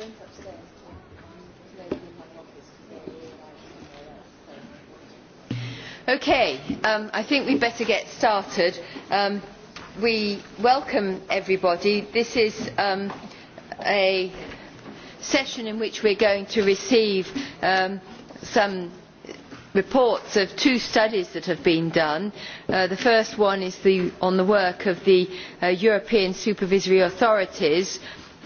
went upstairs to lady in my office Okay, um, I think we better get started. Um, we welcome everybody. This is um, a session in which we are going to receive um, some reports of two studies that have been done. the first one is on the work of the european supervisory authorities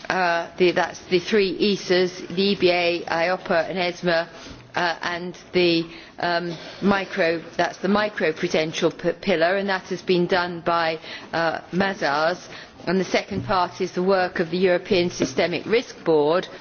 that is the three esas the eba eiopa and esma and the micro prudential pillar and that has been done by mazars and the second part is the work of the european systemic risk board and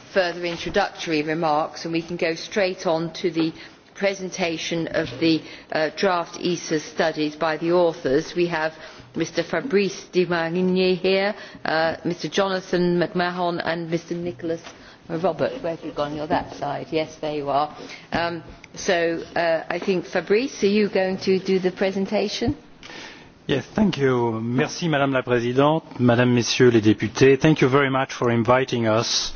further introductory remarks and we can go straight on to the presentation of the draft ESA studies by the authors. We have Mr Fabrice de Marigny here, Mr Jonathan McMahon and Mr Nicholas Robert. Where have you gone? You're that side. Yes, there you are. so I think Fabrice, are you going to do the presentation? madam president madam and messieurs les députés thank you very much for inviting us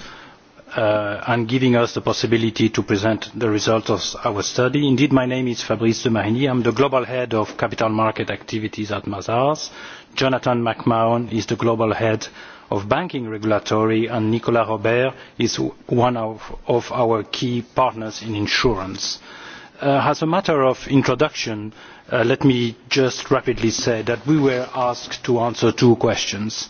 and giving us the possibility to present the results of our study. Indeed, my name is Fabrice de Marigny. I'm the Global Head of Capital Market Activities at Mazars. Jonathan McMahon is the Global Head of Banking Regulatory, and Nicolas Robert is one of our key partners in insurance. As a matter of introduction, let me just rapidly say that we were asked to answer two questions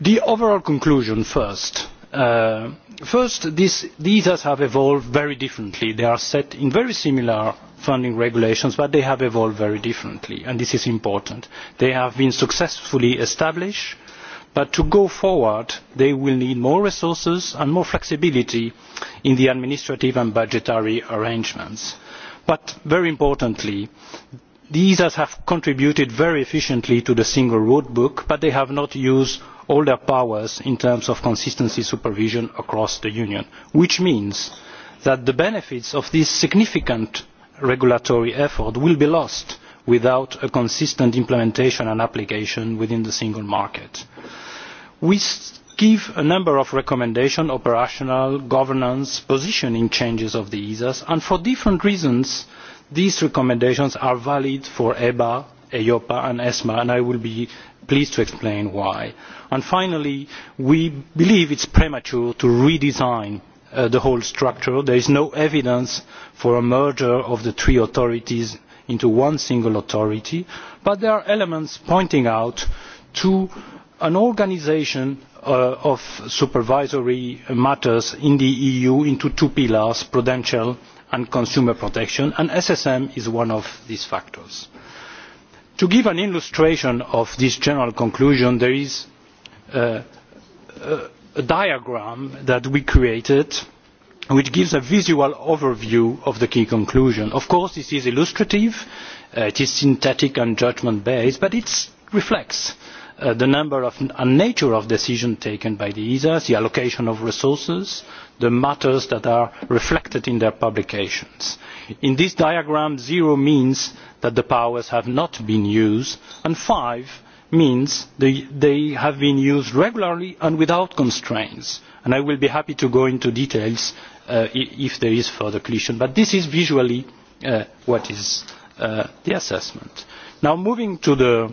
the overall conclusion first. first, these have evolved very differently. They are set in very similar funding regulations, but they have evolved very differently, and this is important. They have been successfully established, but to go forward, they will need more resources and more flexibility in the administrative and budgetary arrangements. But very importantly, the ESAs have contributed very efficiently to the single road book, but they have not used all their powers in terms of consistency supervision across the union which means that the benefits of this significant regulatory effort will be lost without a consistent implementation and application within the single market. we give a number of recommendations operational governance positioning changes of the esas and for different reasons these recommendations are valid for eba eiopa and esma and i will be please to explain why. finally, we believe it is premature to redesign the whole structure. There is no evidence for a merger of the three authorities into one single authority, but there are elements pointing out to an organisation of supervisory matters in the EU into two pillars, prudential and consumer protection, and SSM is one of these factors to give an illustration of this general conclusion there is a diagram that we created which gives a visual overview of the key conclusion. of course this is illustrative it is synthetic and judgment based but it reflects the number and nature of decisions taken by the esas the allocation of resources the matters that are reflected in their publications. in this diagram zero means that the powers have not been used and five means they have been used regularly and without constraints i will be happy to go into details if there is further collision but this is visually what is the assessment. now moving to the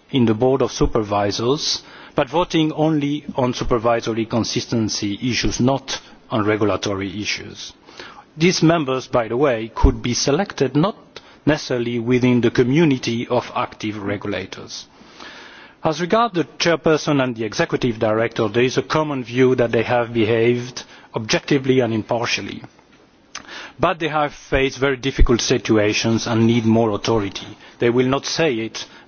in the Board of Supervisors, but voting only on supervisory consistency issues, not on regulatory issues. These members, by the way, could be selected not necessarily within the community of active regulators. As regards the chairperson and the executive director, there is a common view that they have behaved objectively and impartially. But they have faced very difficult situations and need more authority. They will not say it,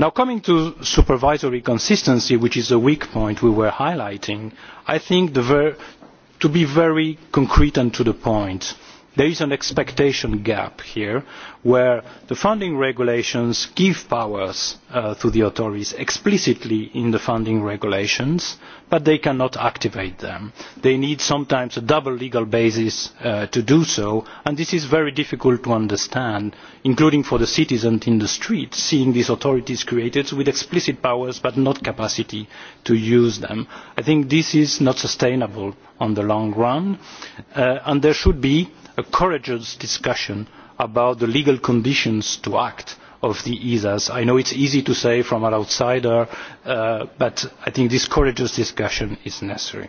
now coming to supervisory consistency which is a weak point we were highlighting i think to be very concrete and to the point there is an expectation gap here where the funding regulations give powers to the authorities explicitly in the funding regulations but they cannot activate them. they need sometimes a double legal basis to do so and this is very difficult to understand including for the citizens in the streets seeing these authorities created with explicit powers but not capacity to use them. i think this is not sustainable in the long run and there should a courageous discussion about the legal conditions to act of the ESAs. I know it's easy to say from an outsider, but I think this courageous discussion is necessary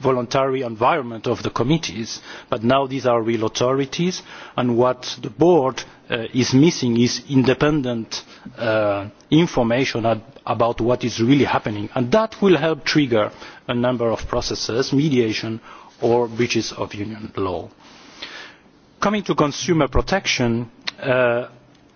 voluntary environment of the committees but now these are real authorities and what the board is missing is independent information about what is really happening and that will help trigger a number of processes mediation or breaches of union law. coming to consumer protection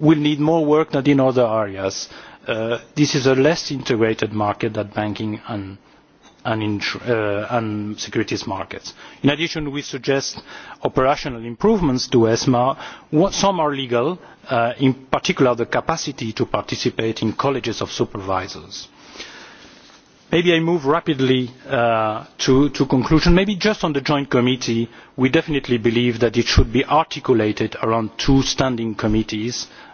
will need more work than in other areas. this is a less integrated market than banking and, and, securities markets. In addition, we suggest operational improvements to ESMA. Some are legal, in particular the capacity to participate in colleges of supervisors. Maybe I move rapidly to conclusion. Maybe just on the joint committee, we definitely believe that it should be articulated around two standing committees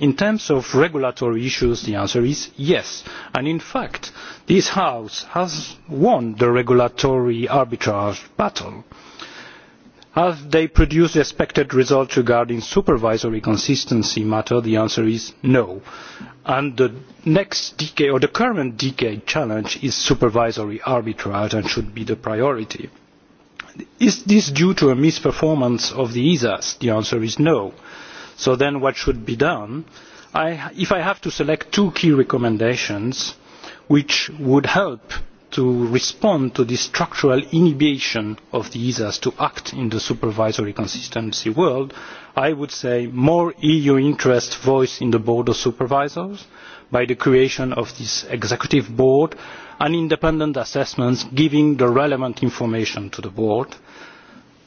in terms of regulatory issues the answer is yes and in fact this house has won the regulatory arbitrage battle. have they produced the expected results regarding supervisory consistency matter? the answer is no and the next decade or the current decade challenge is supervisory arbitrage and should be the priority. is this due to a misperformance of the esas? the answer is no so then what should be done? if i have to select two key recommendations which would help to respond to the structural inhibition of the esas to act in the supervisory consistency world i would say more eu interest voiced in the board of supervisors by the creation of this executive board and independent assessments giving the relevant information to the board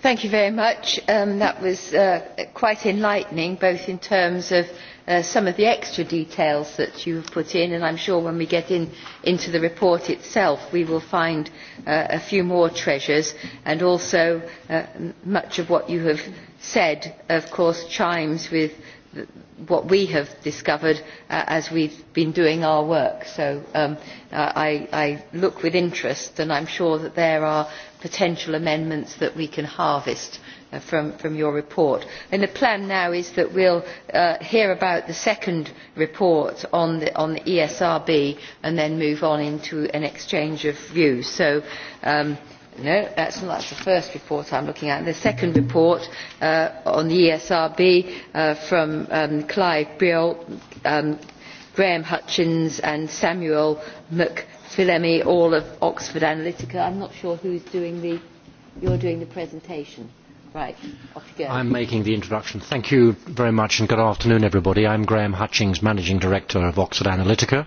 Thank you very much. that was quite enlightening, both in terms of some of the extra details that you have put in, and I am sure when we get in, into the report itself, we will find a few more treasures, and also much of what you have said, of course, chimes with what we have discovered as we have been doing our work. So I, look with interest and I am sure that there are potential amendments that we can harvest from, your report. the plan now is that we will hear about the second report on the, ESRB and then move on into an exchange of views. So No, that's, that's the first report I'm looking at. The second report uh, on the ESRB uh, from um, Clive Brill, um, Graham Hutchins and Samuel McPhillemy, all of Oxford Analytica. I'm not sure who's doing the, you're doing the presentation. Right, off you go. I'm making the introduction. Thank you very much and good afternoon, everybody. I'm Graham Hutchings, Managing Director of Oxford Analytica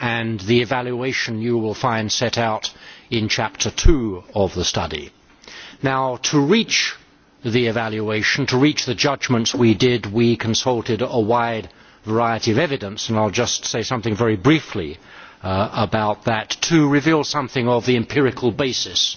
and the evaluation you will find set out in chapter two of the study. Now, to reach the evaluation, to reach the judgments we did, we consulted a wide variety of evidence, and I will just say something very briefly about that to reveal something of the empirical basis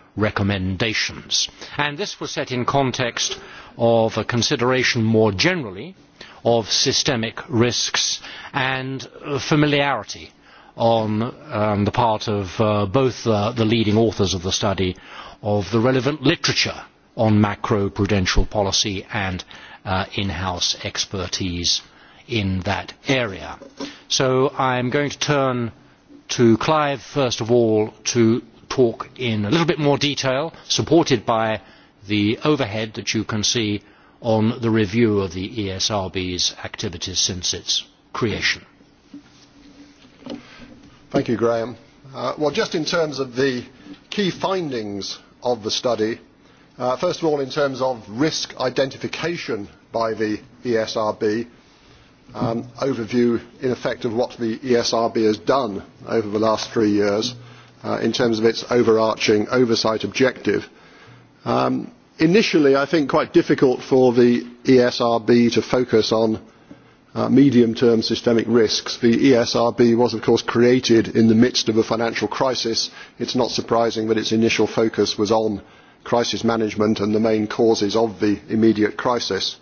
recommendations. this was set in context of a consideration more generally of systemic risks and familiarity on the part of both the leading authors of the study of the relevant literature on macro prudential policy and in-house expertise in that area. So I am going to turn to Clive first of all to talk in a little bit more detail, supported by the overhead that you can see on the review of the ESRB's activities since its creation. Thank you, Graham. well, just in terms of the key findings of the study, first of all, in terms of risk identification by the ESRB, um, overview, in effect, of what the ESRB has done over the last three years – in terms of its overarching oversight objective. initially, I think quite difficult for the ESRB to focus on medium-term systemic risks. The ESRB was, of course, created in the midst of a financial crisis. It is not surprising that its initial focus was on crisis management and the main causes of the immediate crisis.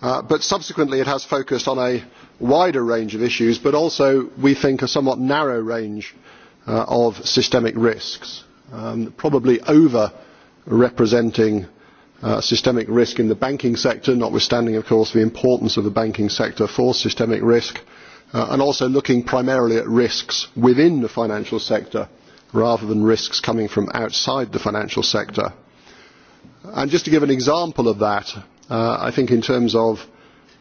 but subsequently it has focused on a wider range of issues, but also, we think, a somewhat narrow range of systemic risks, probably over representing systemic risk in the banking sector, notwithstanding, of course, the importance of the banking sector for systemic risk, and also looking primarily at risks within the financial sector rather than risks coming from outside the financial sector. And just to give an example of that, I think in terms of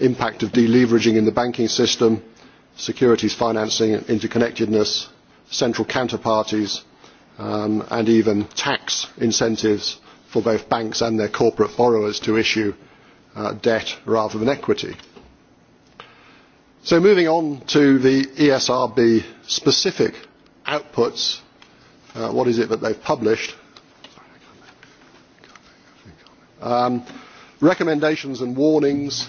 impact of deleveraging in the banking system, securities financing, interconnectedness, central counterparties, and even tax incentives for both banks and their corporate borrowers to issue debt rather than equity. So moving on to the ESRB specific outputs, what is it that they've published? recommendations and warnings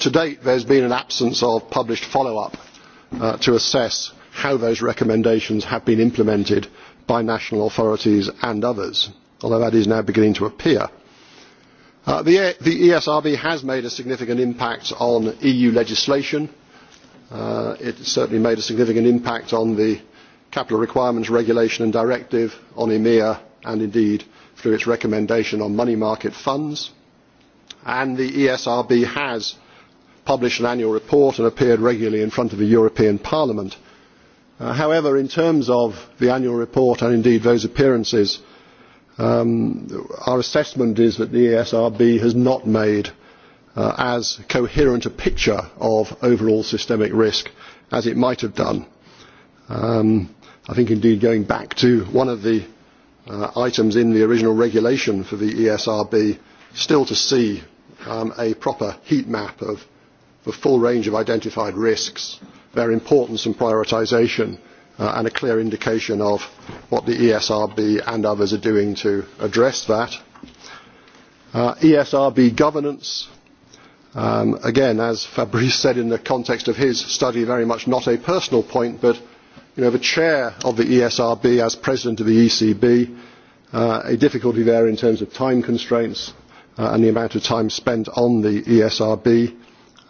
to date there has been an absence of published follow up to assess how those recommendations have been implemented by national authorities and others although that is now beginning to appear. the esrb has made a significant impact on eu legislation. it has certainly made a significant impact on the capital requirements regulation and directive on emir and indeed through its recommendation on money market funds and the esrb has published an annual report and appeared regularly in front of the European Parliament. however, in terms of the annual report and indeed those appearances, our assessment is that the ESRB has not made as coherent a picture of overall systemic risk as it might have done. I think indeed going back to one of the items in the original regulation for the ESRB, still to see a proper heat map of the full range of identified risks, their importance and prioritisation, and a clear indication of what the ESRB and others are doing to address that. ESRB governance, again, as Fabrice said in the context of his study, very much not a personal point, but the chair of the ESRB as president of the ECB, a difficulty there in terms of time constraints and the amount of time spent on the ESRB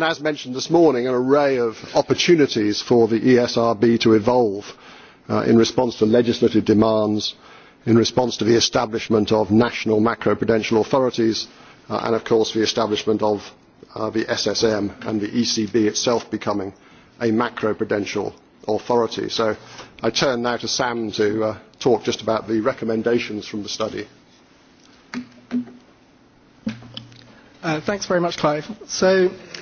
as mentioned this morning an array of opportunities for the esrb to evolve in response to legislative demands in response to the establishment of national macro prudential authorities and of course the establishment of the ssm and the ecb itself becoming a macro prudential authority. so i turn now to sam to talk just about the recommendations from the study. thanks very much clive. so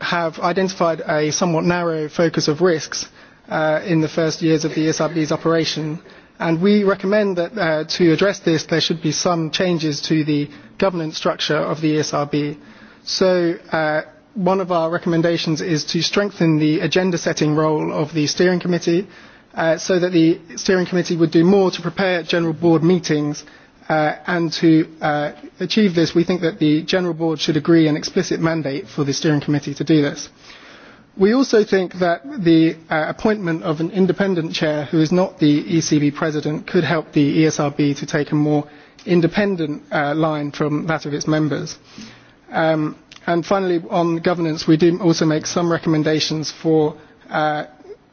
have identified a somewhat narrow focus of risks in the first years of the ESRB's operation. And we recommend that to address this, there should be some changes to the governance structure of the ESRB. So one of our recommendations is to strengthen the agenda setting role of the steering committee so that the steering committee would do more to prepare general board meetings and to uh, achieve this, we think that the General Board should agree an explicit mandate for the Steering Committee to do this. We also think that the uh, appointment of an independent chair who is not the ECB president could help the ESRB to take a more independent uh, line from that of its members. Um, and finally, on governance, we do also make some recommendations for uh,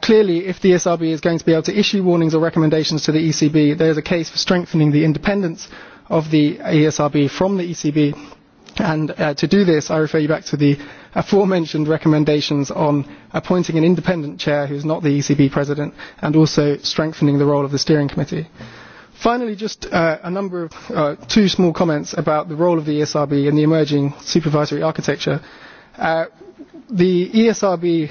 clearly, if the ESRB is going to be able to issue warnings or recommendations to the ECB, there is a case for strengthening the independence of the ESRB from the ECB. And uh, to do this, I refer you back to the aforementioned recommendations on appointing an independent chair who is not the ECB president and also strengthening the role of the steering committee. Finally, just uh, a number of uh, two small comments about the role of the ESRB in the emerging supervisory architecture. Uh, the ESRB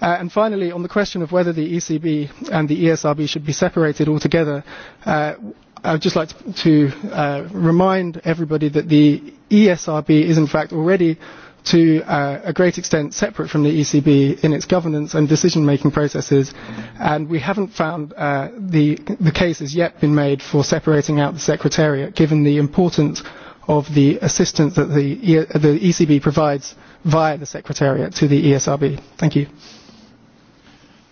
and finally, on the question of whether the ECB and the ESRB should be separated altogether, uh, I would just like to, uh, remind everybody that the ESRB is in fact already to uh, a great extent separate from the ECB in its governance and decision-making processes, and we haven't found uh, the, the case has yet been made for separating out the Secretariat, given the importance of the assistance that the, e- the ECB provides via the Secretariat to the ESRB. Thank you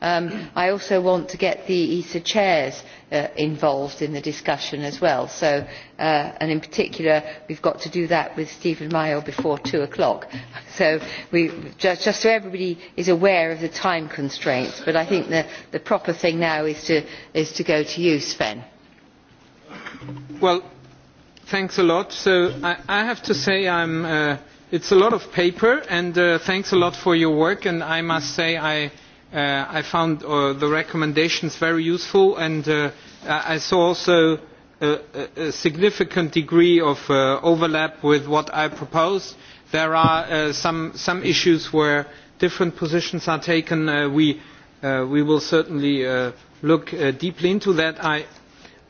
i also want to get the esa chairs involved in the discussion as well and in particular we have got to do that with stephen maio before two o'clock just so everybody is aware of the time constraints but i think the proper thing now is to go to you sven. well thanks a lot. i have to say it is a lot of paper and thanks a lot for your work and i must say i I found the recommendations very useful and I saw also a significant degree of overlap with what I proposed. There are some issues where different positions are taken. We will certainly look deeply into that.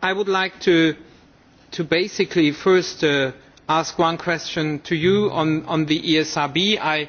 I would like to basically first ask one question to you on the ESRB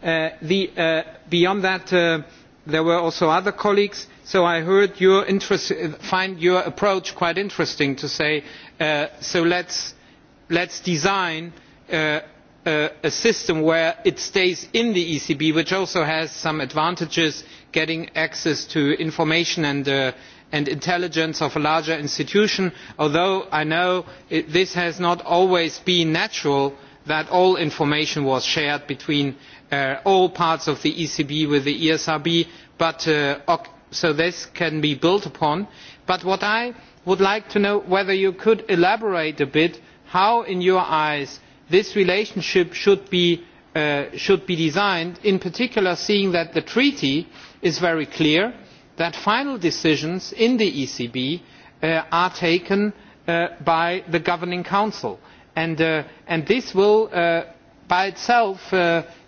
beyond that there were also other colleagues so i find your approach quite interesting to say so let us design a system where it stays in the ecb which also has some advantages getting access to information and intelligence of a larger institution although i know it has not always been natural that all information was shared between all parts of the ecb with the esrb so this can be built upon but what i would like to know is whether you could elaborate a bit on how in your eyes this relationship should be designed in particular seeing that the treaty is very clear that final decisions in the ecb are taken by the governing council and this will by itself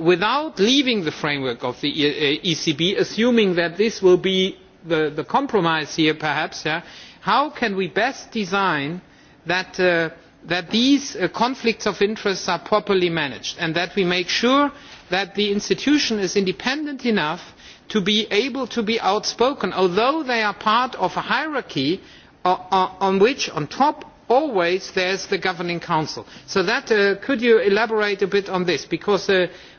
without leaving the framework of the ecb assuming that this will be the compromise here perhaps how can we best design that these conflicts of interest are properly managed and that we make sure that the institution is independent enough to be able to be outspoken although they are part of a hierarchy on which on top always there is the governing council. so could you elaborate a bit on this because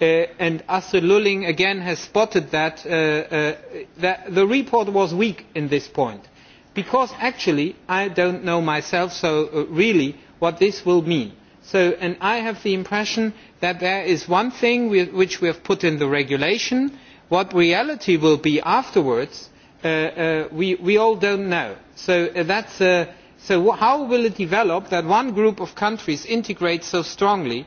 and astrid lulling again has spotted that the report was weak on this point because actually i do not know myself really what this will mean and i have the impression that there is one thing which we have put in the regulation what reality will be afterwards we all do not know. so how will it develop that one group of countries integrates so strongly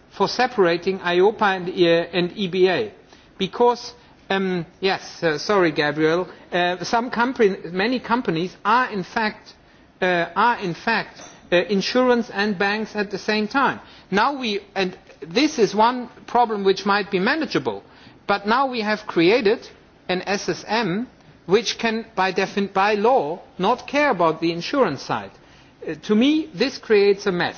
for separating EIOPA and, and EBA. Because, yes, sorry, Gabriel, many companies are in fact, insurance and banks at the same time. Now we, and this is one problem which might be manageable, but now we have created an SSM which can by law not care about the insurance side. to me this creates a mess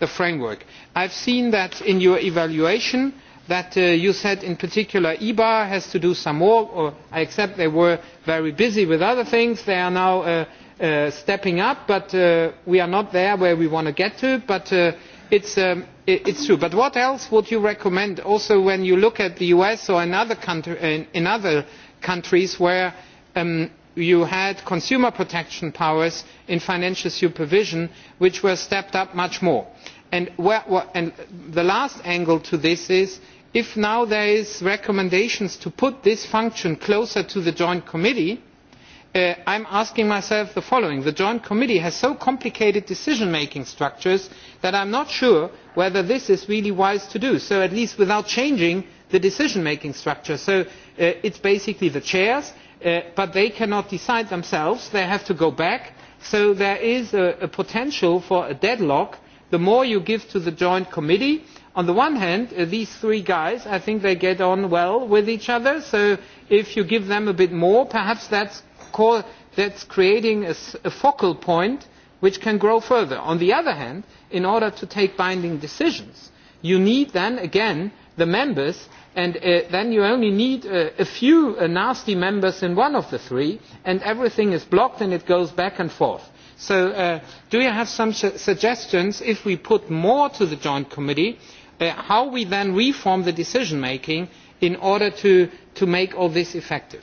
the framework. i have seen that in your evaluation that you said in particular that eba has to do some more or i accept they were very busy with other things they are now stepping up but we are not there where we want to get to but it is true. but what else would you recommend also when you look at the us or in other countries where you had consumer protection powers in financial supervision which were stepped up much more? the last angle to this is if now there are recommendations to put this function closer to the joint committee i am asking myself the following the joint committee has so complicated decision making structures that i am not sure whether this is really wise to do so at least without changing the decision making structure. so it is basically the chairs but they cannot decide themselves they have to go back so there is a potential for a deadlock the more you give to the joint committee. on the one hand these three guys i think they get on well with each other so if you give them a bit more perhaps that is creating a focal point which can grow further. on the other hand in order to take binding decisions you need then again the members and then you only need a few nasty members in one of the three and everything is blocked and it goes back and forth so do you have some suggestions if we put more to the joint committee on how we then reform the decision making in order to make all this effective?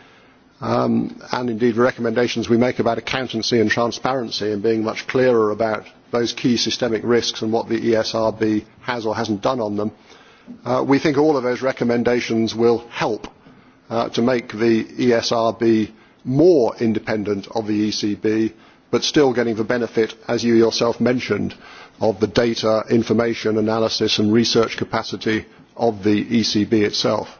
and indeed the recommendations we make about accountancy and transparency and being much clearer about those key systemic risks and what the ESRB has or has not done on them. we think all of those recommendations will help to make the ESRB more independent of the ECB, but still getting the benefit, as you yourself mentioned, of the data, information, analysis and research capacity of the ECB itself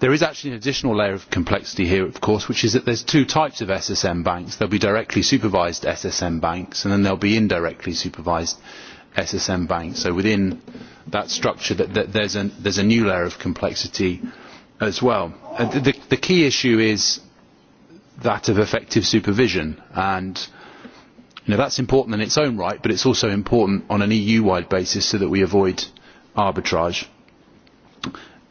There is actually an additional layer of complexity here, of course, which is that there's two types of SSM banks. There will be directly supervised SSM banks, and then there will be indirectly supervised SSM banks. So within that structure, that, that there's, an, there's a new layer of complexity as well. the, key issue is that of effective supervision, and that is that's important in its own right, but it's also important on an EU-wide basis so that we avoid arbitrage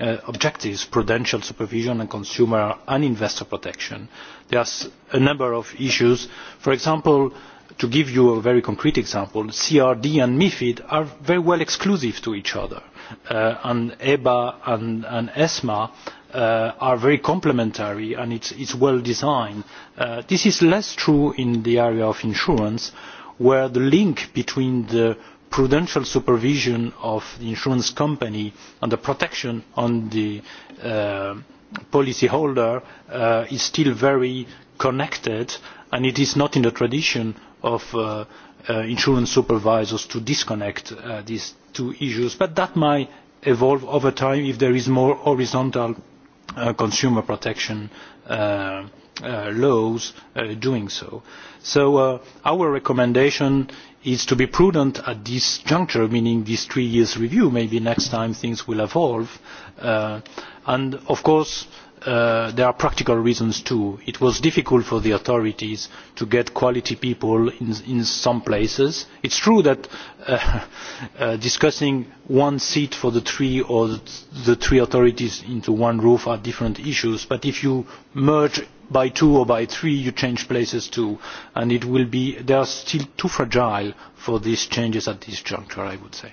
objectives prudential supervision and consumer and investor protection. there are a number of issues for example to give you a very concrete example crd and mifid are very well exclusive to each other and eba and esma are very complementary and it is well designed. this is less true in the area of insurance where the link between the prudential supervision of the insurance company and the protection on the policyholder is still very connected and it is not in the tradition of insurance supervisors to disconnect these two issues but that might evolve over time if there is more horizontal consumer protection laws doing so. so our recommendation is to be prudent at this juncture, meaning this three years review. Maybe next time things will evolve. and of course, there are practical reasons too. It was difficult for the authorities to get quality people in, in some places. It's true that discussing one seat for the three or the three authorities into one roof are different issues, but if you merge by two or by three, you change places too, and it will be, they are still too fragile for these changes at this juncture, I would say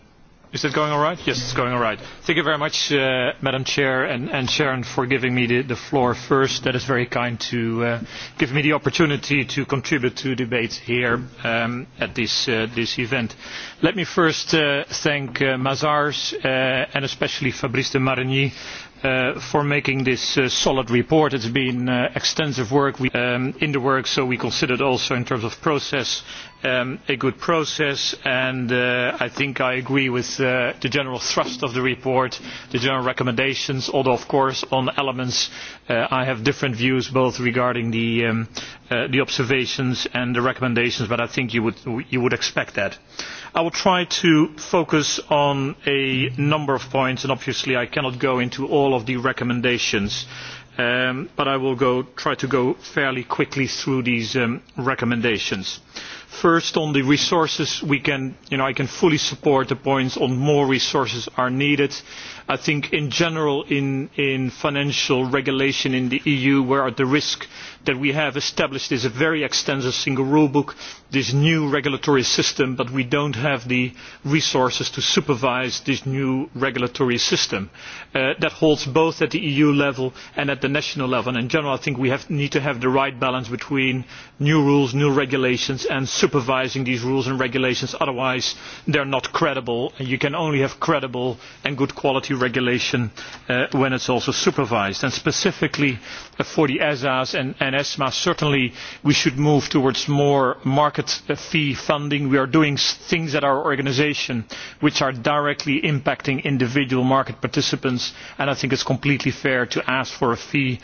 Is it going all right? Yes, it's going all right. Thank you very much, uh, Madam Chair and, and Sharon, for giving me the, the floor first. That is very kind to uh, give me the opportunity to contribute to debate here um, at this, uh, this event. Let me first uh, thank uh, Mazars uh, and especially Fabrice de Marigny for making this solid report. It has been extensive work in the work, so we considered also in terms of process a good process, and I think I agree with the general thrust of the report, the general recommendations, although of course on elements I have different views both regarding the observations and the recommendations, but I think you would expect that i will try to focus on a number of points and obviously i cannot go into all of the recommendations but i will try to go fairly quickly through these recommendations. first on the resources i can fully support the points on more resources are needed I think in general in, financial regulation in the EU we are at the risk that we have established this very extensive single rule book, this new regulatory system, but we do not have the resources to supervise this new regulatory system. that holds both at the EU level and at the national level. in general, I think we need to have the right balance between new rules, new regulations, and supervising these rules and regulations. Otherwise, they are not credible, and you can only have credible and good quality regulation when it is also supervised. And specifically for the ESAs and, ESMA, certainly we should move towards more market fee funding. We are doing things at our organisation which are directly impacting individual market participants, and I think it is completely fair to ask for a fee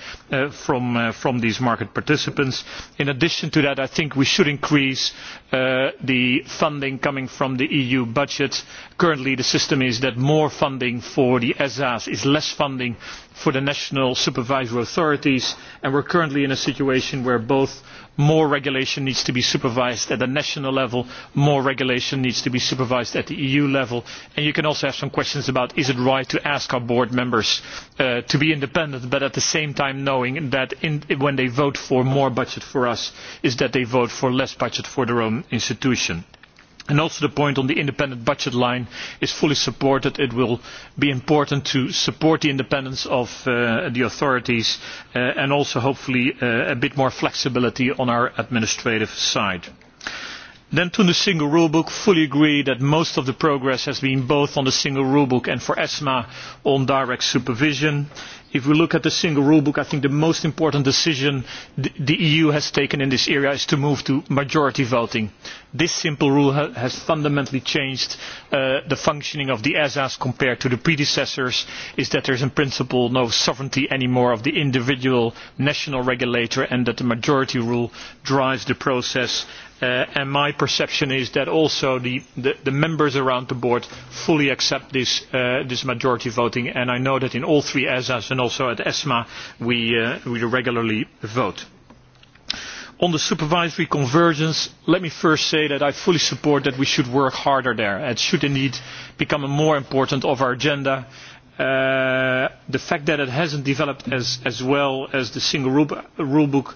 from, these market participants. In addition to that, I think we should increase the funding coming from the EU budget currently the system is that more funding for the esas is less funding for the national supervisory authorities and we are currently in a situation where both more regulation needs to be supervised at the national level and more regulation needs to be supervised at the eu level and you can also have some questions about whether it is right to ask our board members to be independent but at the same time knowing that when they vote for more budget for us they vote for less budget for their own institution also the point on the independent budget line is fully supported. it will be important to support the independence of the authorities and also hopefully a bit more flexibility on our administrative side. then to the single rule book i fully agree that most of the progress has been both on the single rule book and for esma on direct supervision if we look at the single rule book, I think the most important decision the EU has taken in this area is to move to majority voting. This simple rule has fundamentally changed the functioning of the ESAs compared to the predecessors, is that there is in principle no sovereignty anymore of the individual national regulator and that the majority rule drives the process and my perception is that also the, the, the members around the board fully accept this, uh, this majority voting and I know that in all three ESAs and also at ESMA we, uh, we regularly vote. On the supervisory convergence, let me first say that I fully support that we should work harder there. It should indeed become a more important of our agenda the fact that it has not developed as well as the single rule book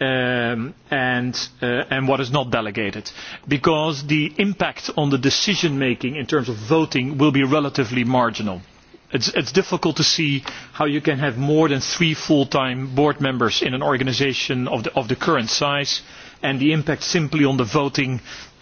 and, and what is not delegated because the impact on the decision making in terms of voting will be relatively marginal. It's, it's difficult to see how you can have more than three full-time board members in an organisation of the, current size and the impact simply on the voting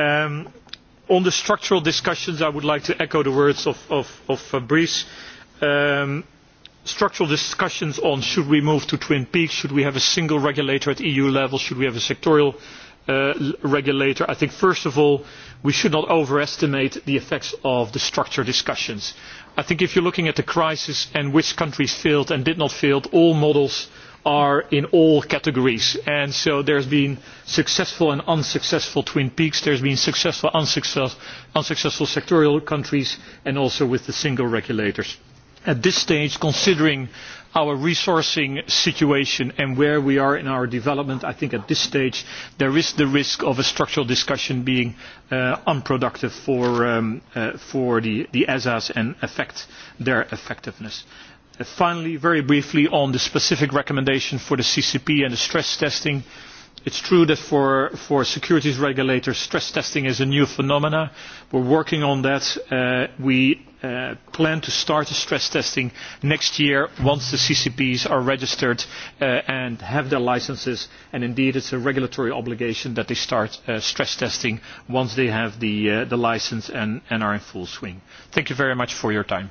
on the structural discussions, I would like to echo the words of, of, Fabrice. structural discussions on should we move to Twin Peaks, should we have a single regulator at EU level, should we have a sectoral regulator. I think, first of all, we should not overestimate the effects of the structure discussions. I think if you are looking at the crisis and which countries failed and did not fail, all models are in all categories. And so there's been successful and unsuccessful Twin Peaks, there's been successful, and unsuccessful sectorial countries, and also with the single regulators. At this stage, considering our resourcing situation and where we are in our development, I think at this stage there is the risk of a structural discussion being unproductive for, the, ESAs and affect their effectiveness finally very briefly on the specific recommendation for the ccp and the stress testing it is true that for securities regulators stress testing is a new phenomenon. we are working on that. we plan to start stress testing next year once the ccps are registered and have their licences and indeed it is a regulatory obligation that they start stress testing once they have the licence and are in full swing. thank you very much for your time.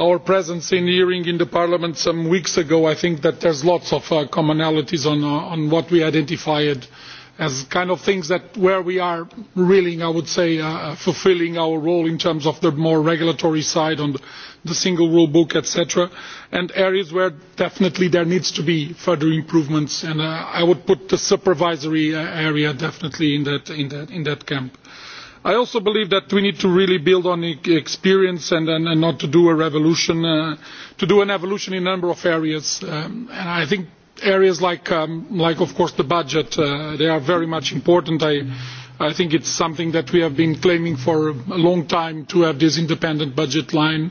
our presence in the hearing in parliament some weeks ago i think that there are lots of commonalities on what we identified as kind of things that where we are really i would say fulfilling our role in terms of the more regulatory side on the single rule book etc and areas where definitely there needs to be further improvements and i would put the supervisory area definitely in that camp i also believe that we need to really build on experience and not to do a revolution to do an evolution in a number of areas and i think areas like of course the budget they are very much important i think it is something that we have been claiming for a long time to have this independent budget line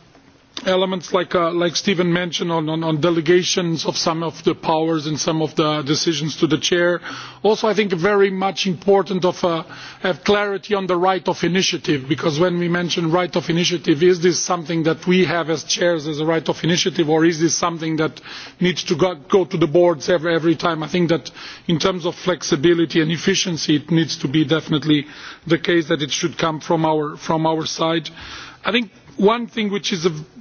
elements like Stephen mentioned on delegations of some of the powers and some of the decisions to the chair. Also, I think very much important to have clarity on the right of initiative because when we mention right of initiative, is this something that we have as chairs as a right of initiative or is this something that needs to go to the boards every time? I think that in terms of flexibility and efficiency, it needs to be definitely the case that it should come from our side. I think one thing which is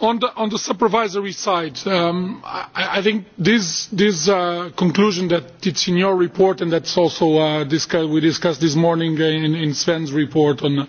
on the supervisory side i think this conclusion that is in your report and that is also we discussed this morning in sven's report on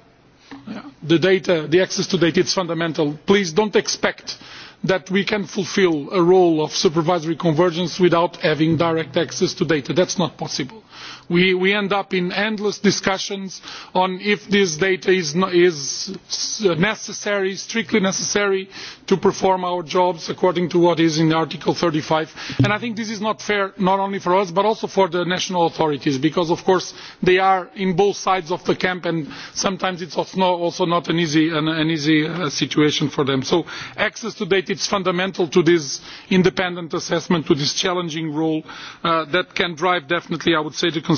the data, the access to data is fundamental. Please do not expect that we can fulfil a role of supervisory convergence without having direct access to data. That is not possible we, end up in endless discussions on if this data is, necessary, strictly necessary to perform our jobs according to what is in Article thirty five. And I think this is not fair not only for us but also for the national authorities because of course they are on both sides of the camp and sometimes it is also not an easy, situation for them. So access to data is fundamental to this independent assessment, to this challenging role that can drive definitely, I would say, the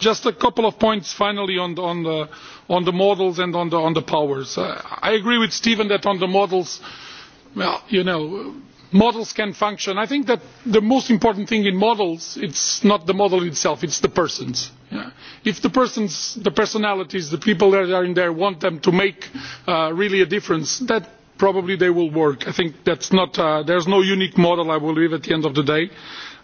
just a couple of points finally on the models and on the powers. i agree with stephen that on the models well you know models can function. i think that the most important thing in models is not the model itself it is the persons. if the persons the personalities the people that are in there want them to make really a difference that probably they will work. i think there is no unique model i will leave at the end of the day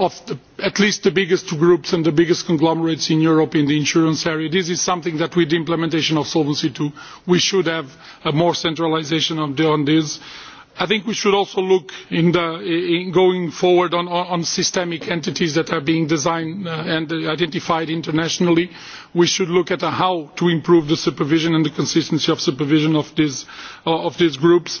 of at least the biggest groups and the biggest conglomerates in Europe in the insurance area. This is something that with the implementation of Solvency II, we should have a more centralisation on this. I think we should also look in going forward on, systemic entities that are being designed and identified internationally. We should look at how to improve the supervision and the consistency of supervision of these, groups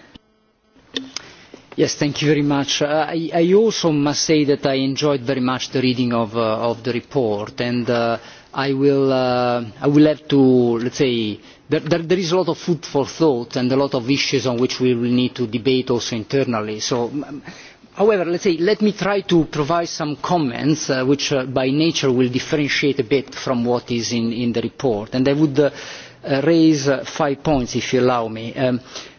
Yes, thank you very much. I, I also must say that I enjoyed very much the reading of, uh, of the report, and uh, I will uh, I will have to let's say there, there, there is a lot of food for thought and a lot of issues on which we will need to debate also internally. So, however, let's say let me try to provide some comments uh, which uh, by nature will differentiate a bit from what is in, in the report, and I would uh, raise uh, five points if you allow me. Um,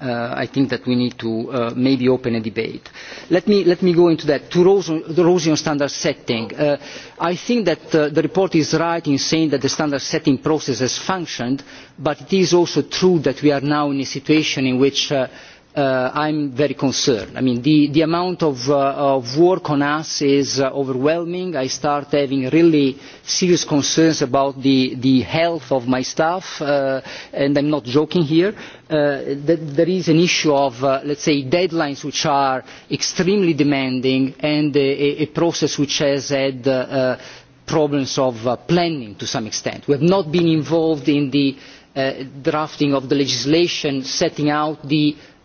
I think that we need to maybe open a debate. Let me, go into that. To the erosion standard setting, I think that the report is right in saying that the standard setting process has functioned, but it is also true that we are now in a situation in which I am very concerned. the, amount of, work on us is overwhelming. I start having really serious concerns about the, health of my staff, and I am not joking here. there is an issue of, let us say, deadlines which are extremely demanding and a, a process which has had problems of planning to some extent. We have not been involved in the drafting of the legislation setting out the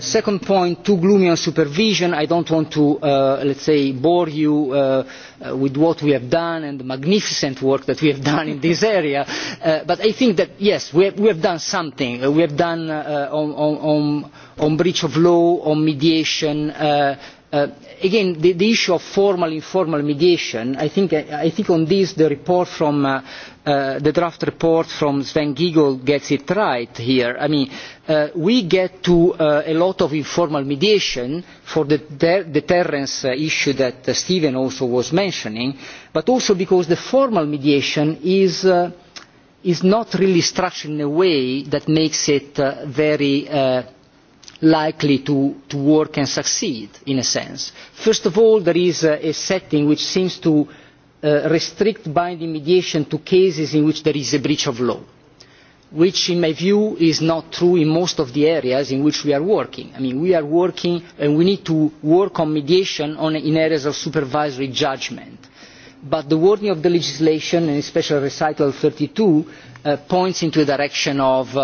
second point too gloomy on supervision i do not want to bore you with what we have done and the magnificent work that we have done in this area but i think that yes we have done something we have done on breach of law on mediation again, the, the issue of formal informal mediation, I think, I think on this the report from uh, uh, the draft report from Sven Giegel gets it right here. I mean, uh, we get to uh, a lot of informal mediation for the ter- deterrence uh, issue that uh, Stephen also was mentioning, but also because the formal mediation is. Uh, is not really structured in a way that makes it uh, very uh, likely to, work and succeed in a sense. First of all, there is a, setting which seems to restrict binding mediation to cases in which there is a breach of law, which in my view is not true in most of the areas in which we are working. I mean, we are working and we need to work on mediation in areas of supervisory judgment. But the wording of the legislation, and especially recital thirty two, points in the direction of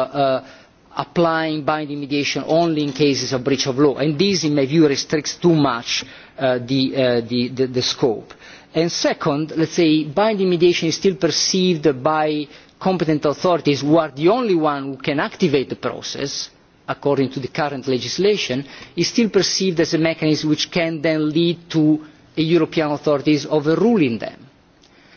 applying binding mediation only in cases of breach of law and this in my view restricts too much the scope. and second let us say binding mediation is still perceived by competent authorities who are the only ones who can activate the process according to the current legislation is still perceived as a mechanism which can then lead to european authorities overruling them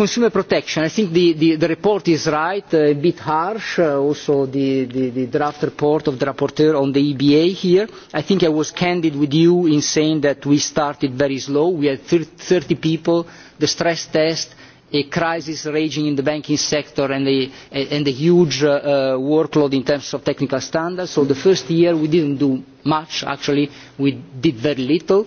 consumer protection. I think the, the, the report is right, a bit harsh, uh, also the, the, the draft report of the rapporteur on the EBA here. I think I was candid with you in saying that we started very slow. We had 30 people, the stress test, a crisis raging in the banking sector and a, and a huge uh, workload in terms of technical standards. So the first year we didn't do much, actually we did very little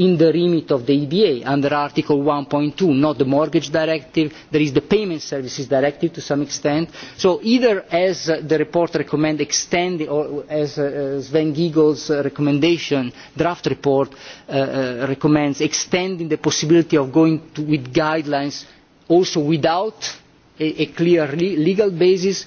in the remit of the EBA under Article one two, not the Mortgage Directive. There is the Payment Services Directive to some extent. So either as the report recommends, extend, or as Sven Giegel's recommendation, draft report recommends, extending the possibility of going with guidelines also without a clear legal basis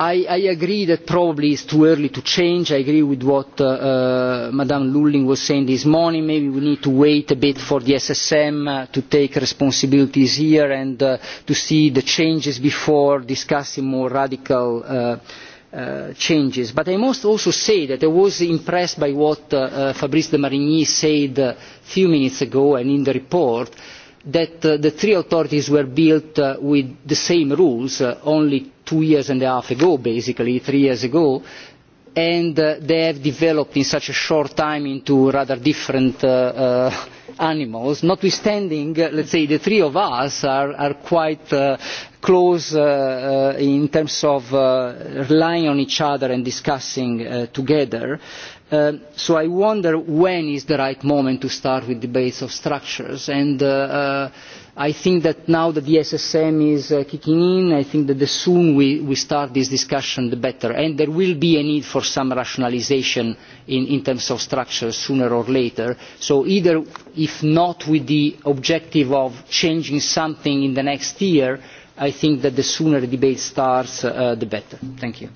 I agree that probably it is too early to change. I agree with what Ms Lulling was saying this morning. Maybe we need to wait a bit for the SSM to take responsibilities here and to see the changes before discussing more radical changes. But I must also say that I was impressed by what Fabrice de Marigny said a few minutes ago and in the report that that the three authorities were built with the same rules only two years and a half ago, basically, three years ago, and they have developed in such a short time into rather different animals. Notwithstanding, let's say the three of us are, are quite close in terms of relying on each other and discussing together so I wonder when is the right moment to start with debates on structures. And I think that now that the SSM is kicking in, I think that the sooner we, start this discussion, the better. And there will be a need for some rationalisation in, in terms of structures sooner or later. So either, if not with the objective of changing something in the next year, I think that the sooner the debate starts, the better. Thank you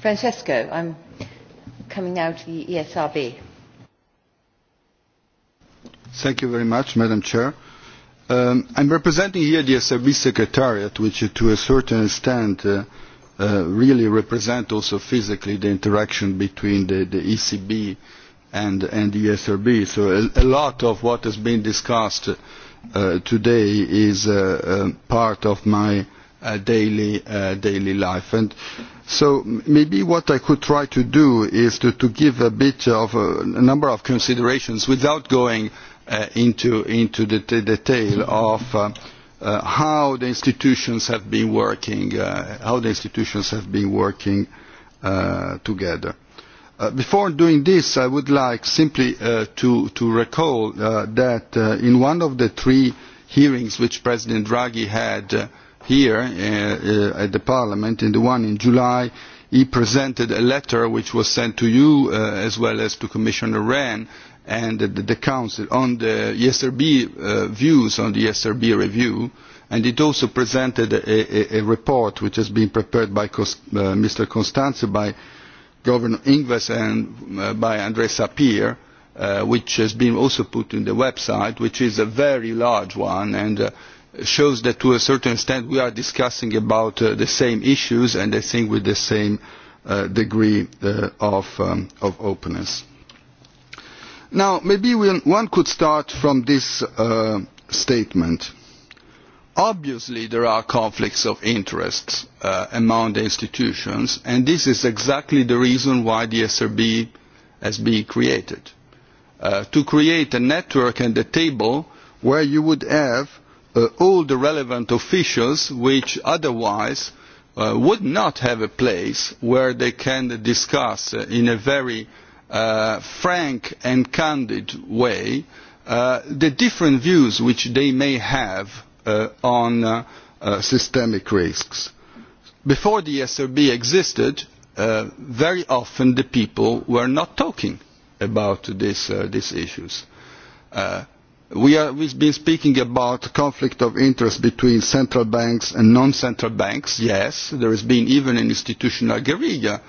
Francesco, am coming now to the ESRB. Thank you very much, Madam Chair. Um, am representing here the SRB Secretariat, which to a certain extent uh, uh, really represent also physically the interaction between the, the ECB and, and the ESRB. So a, a lot of what has been discussed uh, today is uh, uh, part of my uh, daily, uh, daily life. And uh, So maybe what I could try to do is to, to give a bit of a, a number of considerations without going uh, into, into the detail of uh, uh, how the institutions have been working, uh, how the institutions have been working uh, together. Uh, before doing this, I would like simply uh, to, to recall uh, that uh, in one of the three hearings which President Draghi had uh, here uh at the Parliament, in the one in July, he presented a letter which was sent to you uh as well as to Commissioner Rehn and the Council on the ESRB views on the ESRB review. And it also presented a, a a report which has been prepared by Mr. Constanze, by Governor Ingves and uh by Andres Sapir, uh which has been also put on the website, which is a very large one. And shows that to a certain extent we are discussing about the same issues and I think with the same degree of, openness. Now, maybe one could start from this statement. Obviously, there are conflicts of interest among the institutions, and this is exactly the reason why the SRB has been created. to create a network and a table where you would have all the relevant officials which otherwise would not have a place where they can discuss in a very frank and candid way the different views which they may have on systemic risks. Before the SRB existed, very often the people were not talking about these issues we have been speaking about conflict of interest between central banks and non-central banks. Yes, there has been even an institutional guerrilla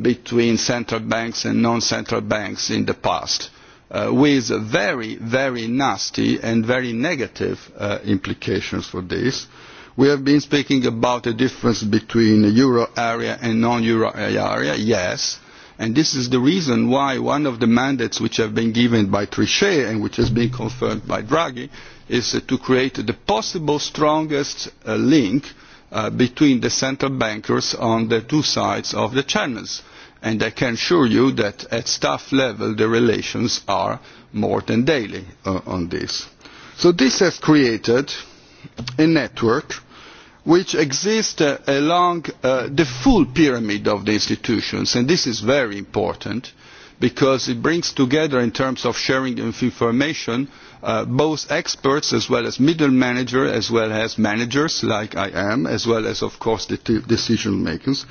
between central banks and non-central banks in the past, with very, very nasty and very negative implications for this. We have been speaking about the difference between euro area and non-euro area. Yes, And this is the reason why one of the mandates which have been given by Trichet and which has been confirmed by Draghi is to create the possible strongest link between the central bankers on the two sides of the channels. And I can assure you that at staff level the relations are more than daily on this. So this has created a network uh, which exist along the full pyramid of the institutions and this is very important because it brings together in terms of sharing of information both experts as well as middle managers as well as managers like I am as well as of course the decision makers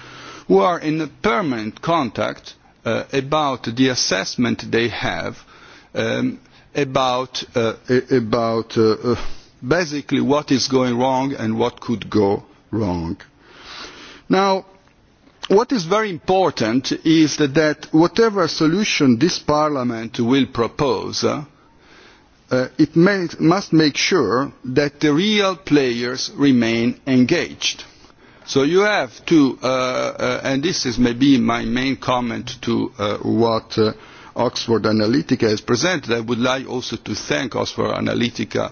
who are in permanent contact about the assessment they have about basically what is going wrong and what could go wrong. Now, what is very important is that, whatever solution this Parliament will propose, it must make sure that the real players remain engaged. So you have to, and this is maybe my main comment to what Oxford Analytica has presented. I would like also to thank Oxford Analytica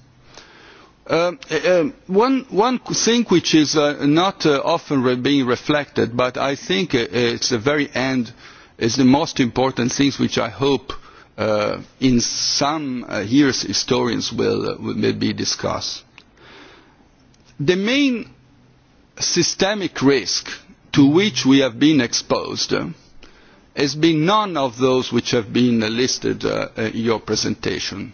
one thing which is not often being reflected, but I think it's the very end, is the most important thing which I hope in some years historians will maybe discuss. The main systemic risk to which we have been exposed has been none of those which have been listed in your presentation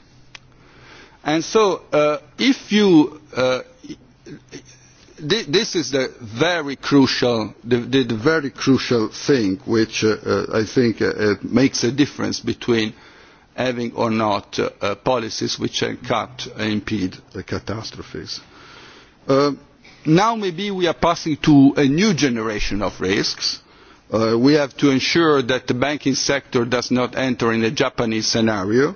And so uh, if you, uh, th this is the very crucial, the, the, the very crucial thing which uh, uh, I think uh, makes a difference between having or not uh, uh, policies which can cut and impede the catastrophes. Uh, now maybe we are passing to a new generation of risks. Uh, we have to ensure that the banking sector does not enter in a Japanese scenario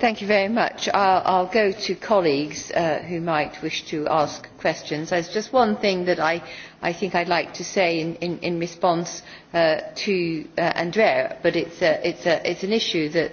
Thank you very much. I'll I'll go to colleagues who might wish to ask questions. There is just one thing that I, I think I'd like to say in, in, in response to Andrea, but it's, a, it's, a, it's an issue that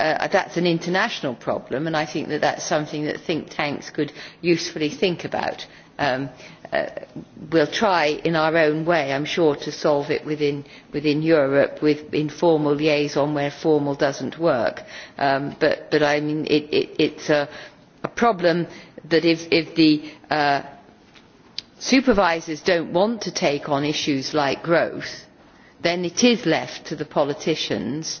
that is an international problem and i think that that is something that think tanks could usefully think about. we will try in our own way i am sure to solve it within europe with informal liaison where formal does not work but it is a problem that if the supervisors do not want to take on issues like growth then it is left to the politicians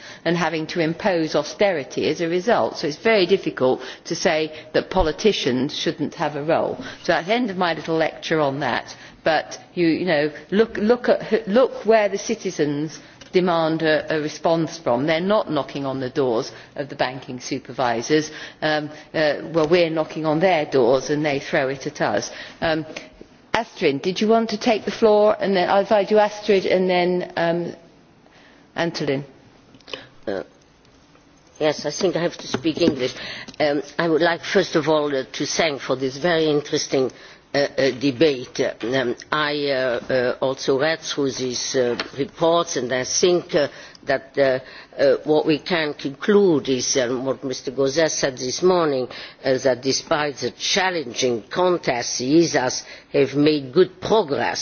and having to impose austerity as a result so it is very difficult to say that politicians should not have a role. so that is the end of my little lecture on that but look where the citizens demand a response from. they are not knocking on the doors of the banking supervisors well we are knocking on their doors and they throw it at us. astrid did you want to take the floor? i will invite you astrid and then antolin yes i think i have to speak english. i would like first of all to thank you for this very interesting debate. i also read through these reports and i think that what we can conclude is what mr gauzs said this morning that despite the challenging contest the esas have made good progress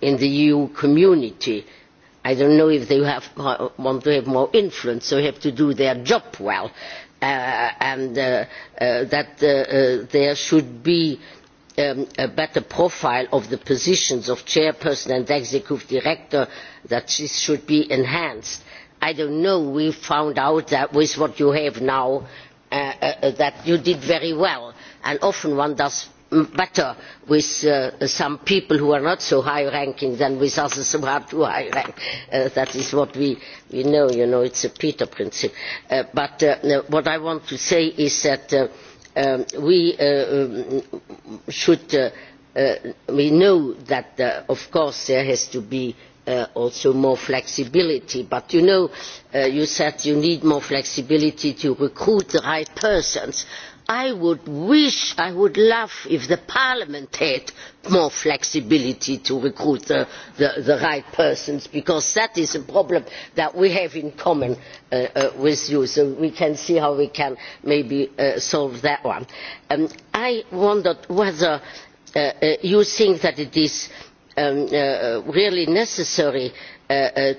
in the EU community. I don't know if they have, want to have more influence, so they have to do their job well. and that there should be a better profile of the positions of chairperson and executive director, that this should be enhanced. I don't know, we found out that with what you have now, that you did very well. And often one does better with some people who are not so high ranking than with others who are too high rank. that is what we, we know, you know, it's a Peter principle. but what I want to say is that we should, we know that of course there has to be also more flexibility. But you know, you said you need more flexibility to recruit the right persons I would wish, I would love if the Parliament had more flexibility to recruit the, the, the right persons because that is a problem that we have in common uh, uh, with you. So we can see how we can maybe uh, solve that one. Um, I wondered whether uh, uh, you think that it is um, uh, really necessary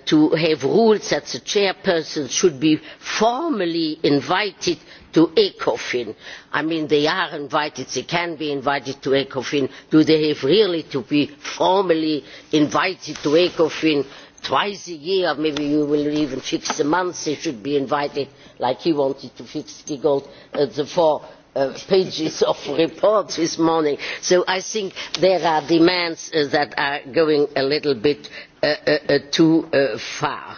to have rules that the chairperson should be formally invited to ECOFIN. I mean, they are invited, they can be invited to ECOFIN. Do they have really to be formally invited to ECOFIN twice a year? Maybe you will even fix the months they should be invited, like he wanted to fix Giggold at the four pages of reports this morning. So I think there are demands that are going a little bit too far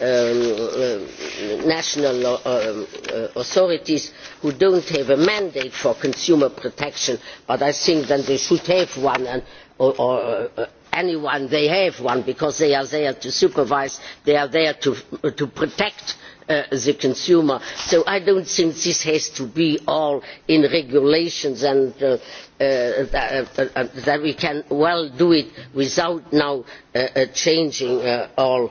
national authorities who do not have a mandate for consumer protection but i think that they should have one or anyone they have one because they are there to supervise they are there to protect the consumer so i do not think this has to be all in regulations and that we can well do it without now changing all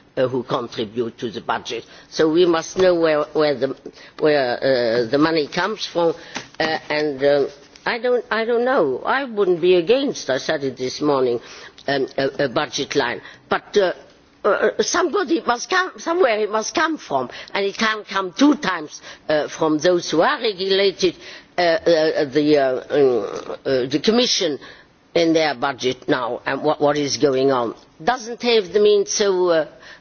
who contribute to the budget. So we must know where, where, the, where uh, the money comes from. Uh, and uh, I, don't, I don't know. I wouldn't be against, I said it this morning, um, a, a budget line. But uh, uh, somebody must come, somewhere it must come from. And it can't come two times uh, from those who are regulated, uh, uh, the, uh, uh, the Commission, in their budget now and what, what is going on. Doesn't have the means so uh,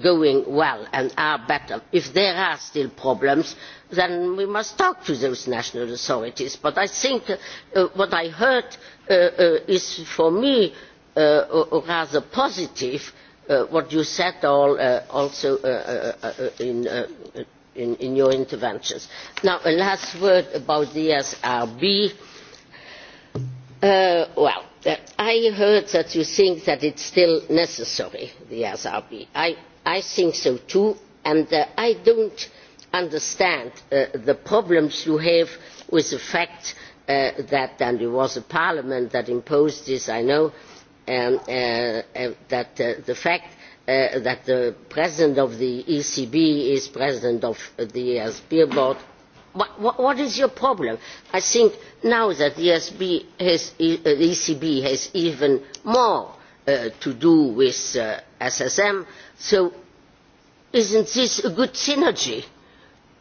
going well and are better if there are still problems then we must talk to those national authorities but i think what i heard is for me rather positive what you said also in your interventions. now a last word about the esrb. well i heard that you think that it is still necessary the I i think so too and i do not understand the problems you have with the fact that and it was parliament that imposed this i know that the fact that the president of the ecb is president of the esb board what is your problem? i think now that the ecb has even more to do with uh, SSM. So isn't this a good synergy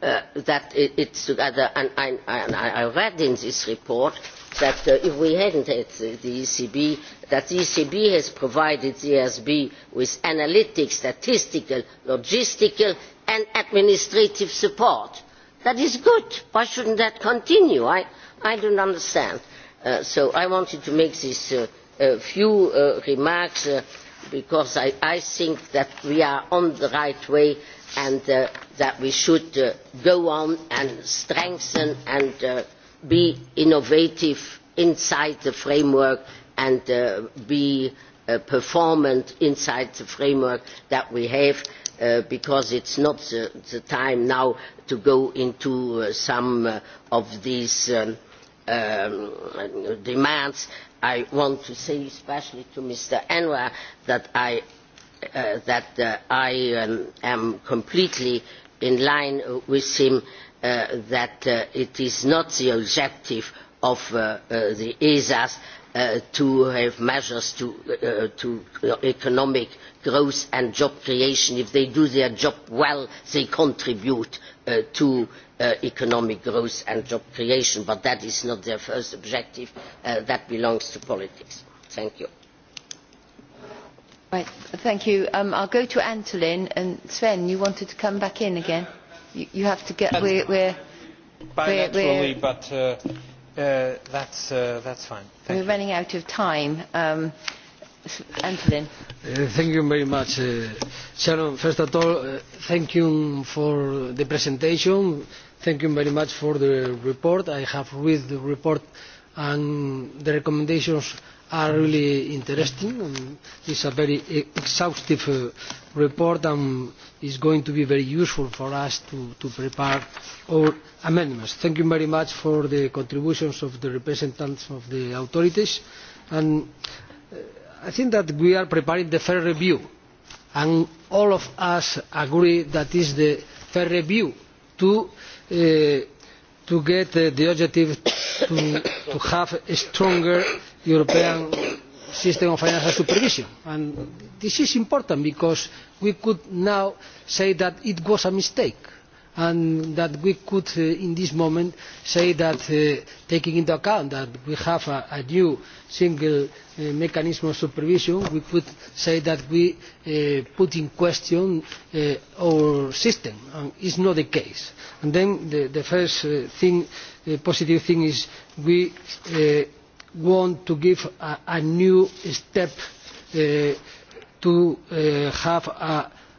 uh, that it, it's together? And I, and I read in this report that uh, if we hadn't had the, the ECB, that the ECB has provided the ESB with analytic, statistical, logistical and administrative support. That is good. Why shouldn't that continue? I, I don't understand. Uh, so I wanted to make this uh, a few remarks because I, think that we are on the right way and that we should go on and strengthen and be innovative inside the framework and be performant inside the framework that we have because it is not the, time now to go into some of these demands I want to say especially to Mr. Anwar that I, uh, that, uh, I um, am completely in line with him uh, that uh, it is not the objective of uh, uh, the ESAs uh, to have measures to, uh, to economic growth and job creation. If they do their job well, they contribute uh, to economic growth and job creation but that is not their first objective that belongs to politics. thank you. Right, thank you. Um, I'll go to Antolin and Sven. You wanted to come back in again. You, you have to get. bilaterally, but uh, uh, that's uh, that's fine. Thank we're you. running out of time. Um, Antolin. Uh, thank you very much, uh, Sharon. First of all, uh, thank you for the presentation thank you very much for the report. I have read the report and the recommendations are really interesting. And it's a very exhaustive uh, report and is going to be very useful for us to, to prepare our amendments. Thank you very much for the contributions of the representatives of the authorities. And I think that we are preparing the fair review and all of us agree that is the fair review to to get the objective to, to have a stronger European system of financial supervision. And this is important because we could now say that it was a mistake and that we could at this moment say that taking into account that we have a new single mechanism of supervision we could say that we put in question our system and it is not the case. And then the first positive thing is that we want to give a new step to have a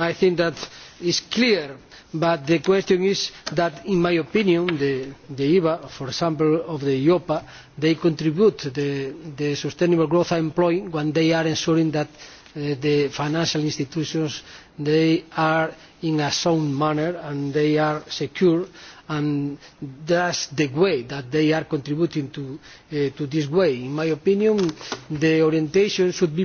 i think that is clear but the question is that in my opinion the eba for example of the eiopa contribute to sustainable growth and employment when they are ensuring that the financial institutions are in a sound manner and they are secure and that is the way that they are contributing to this way. in my opinion the orientation should be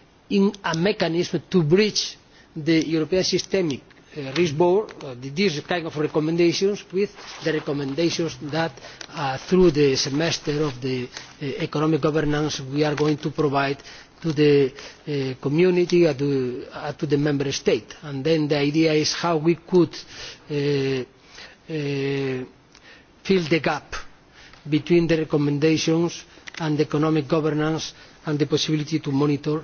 in a mechanism to bridge the European Systemic Risk Board, these kind of recommendations, with the recommendations that through the semester of the economic governance we are going to provide to the community and to the member state. then the idea is how we could fill the gap between the recommendations and economic governance and the possibility to monitor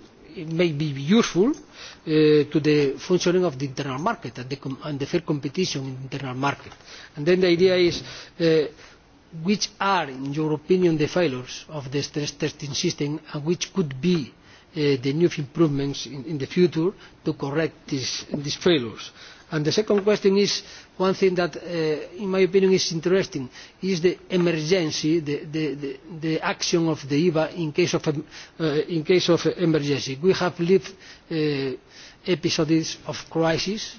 it may be useful to the functioning of the internal market and the fair competition in the internal market. And then the idea is which are, in your opinion, the failures of the stress testing system and which could be the new improvements in the future to correct these failures? And the second question is one thing that, in my opinion, is interesting, is the emergency, the, action of the EBA in case of emergency. We have lived episodes of crisis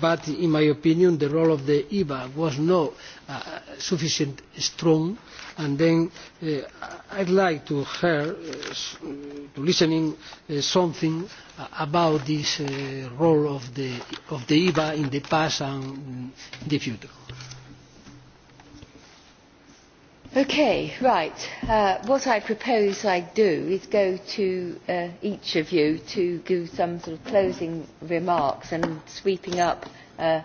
but in my opinion the role of the EBA was not uh, sufficiently strong and then uh, I'd like to hear uh, to listening uh, something about this uh, role of the, of the EBA in the past and in the future. Okay, right. Uh, what I propose I do is go to uh, each of you to give some sort of closing remarks and sweeping up uh,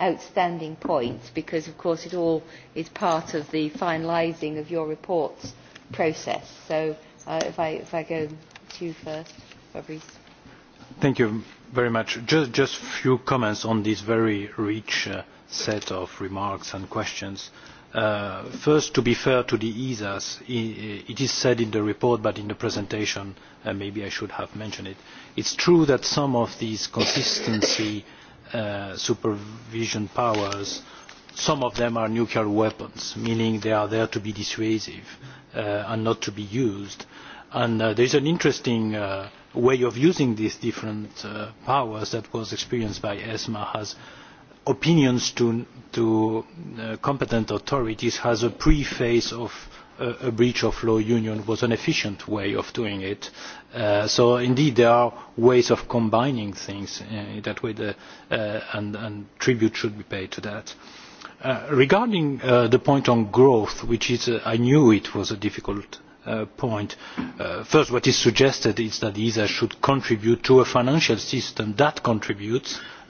outstanding points because, of course, it all is part of the finalising of your report's process. So uh, if, I, if I go to you first, Fabrice. Thank you very much. Just, just a few comments on this very rich uh, set of remarks and questions. Uh, first, to be fair to the ESAs, it is said in the report, but in the presentation, maybe I should have mentioned it. It is true that some of these consistency supervision powers, some of them are nuclear weapons, meaning they are there to be dissuasive and not to be used. And there is an interesting way of using these different powers that was experienced by ESMA has opinions to, to uh, competent authorities has a preface of a breach of law union was an efficient way of doing it. so indeed there are ways of combining things in that way and, tribute should be paid to that. regarding the point on growth, which is, I knew it was a difficult point. first, what is suggested is that ESA should contribute to a financial system that contributes uh,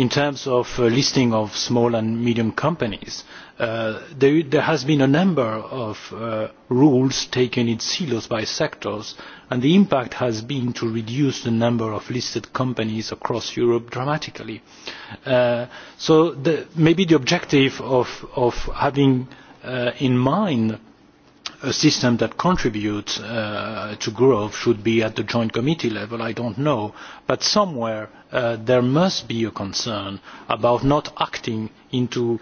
in terms of listing of small and medium companies, there have been a number of rules taken in silos by sectors, and the impact has been to reduce the number of listed companies across Europe dramatically. so maybe the objective of, having in mind a system that contributes to growth should be at the joint committee level, I don't know. But somewhere there must be a concern about not acting into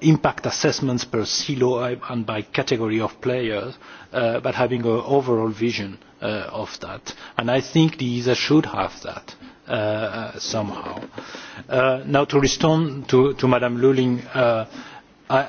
impact assessments per silo and by category of players, but having an overall vision of that. And I think the ESA should have that somehow. now, to respond to, to Madam Luling, I,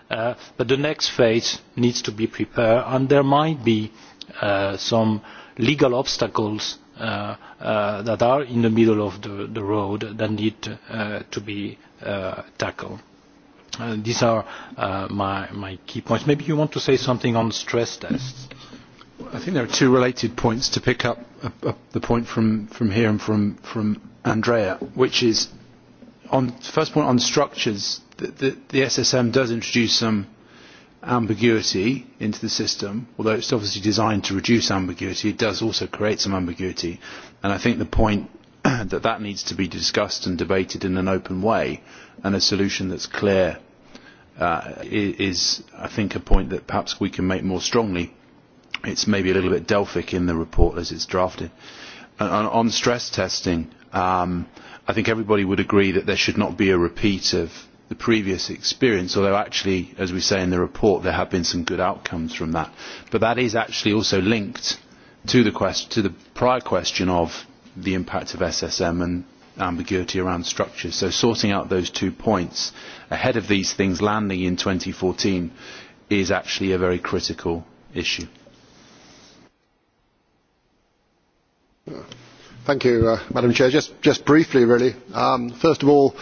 but the next phase needs to be prepared and there might be some legal obstacles that are in the middle of the road that need to be tackled. These are my key points. Maybe you want to say something on stress tests. I think there are two related points to pick up the point from here and from Andrea, which is on first point on structures the, the SSM does introduce some ambiguity into the system, although it's obviously designed to reduce ambiguity, it does also create some ambiguity. And I think the point that that needs to be discussed and debated in an open way and a solution that's clear uh, is, I think, a point that perhaps we can make more strongly. It's maybe a little bit Delphic in the report as it's drafted. And on stress testing, um, I think everybody would agree that there should not be a repeat of the previous experience, although actually, as we say in the report, there have been some good outcomes from that. But that is actually also linked to the, quest- to the prior question of the impact of SSM and ambiguity around structures. So sorting out those two points ahead of these things landing in 2014 is actually a very critical issue madam president just briefly really. first of all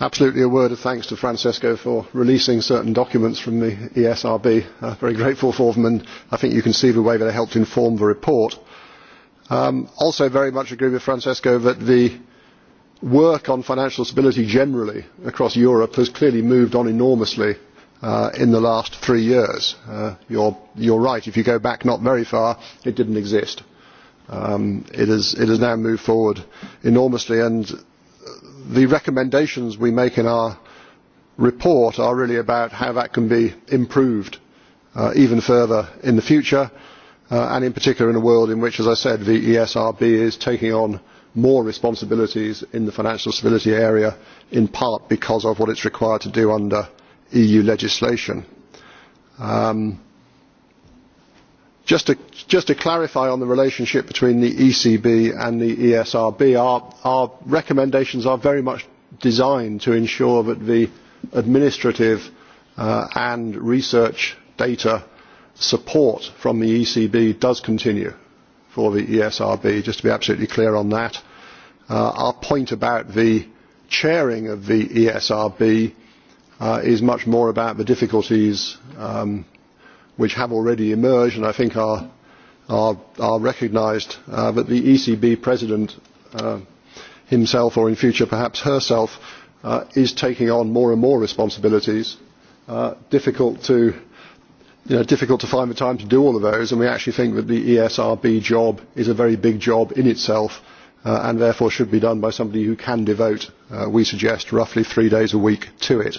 absolutely a word of thanks to francesco for releasing certain documents from the esrb very grateful for them and i think you can see the way that they helped inform the report. I also very much agree with francesco that the work on financial stability generally across europe has clearly moved on enormously in the last three years. you are right if you go back not very far it did not exist Um, it, is, it has now moved forward enormously and the recommendations we make in our report are really about how that can be improved uh, even further in the future uh, and in particular in a world in which, as I said, the ESRB is taking on more responsibilities in the financial stability area in part because of what it is required to do under EU legislation. Um, Just to clarify on the relationship between the ECB and the ESRB, our recommendations are very much designed to ensure that the administrative and research data support from the ECB does continue for the ESRB, just to be absolutely clear on that. Our point about the chairing of the ESRB is much more about the difficulties which have already emerged and I think are, are, are recognised, uh, but the ECB president uh, himself, or in future perhaps herself, uh, is taking on more and more responsibilities. Uh, difficult to you know, difficult to find the time to do all of those, and we actually think that the ESRB job is a very big job in itself, uh, and therefore should be done by somebody who can devote, uh, we suggest, roughly three days a week to it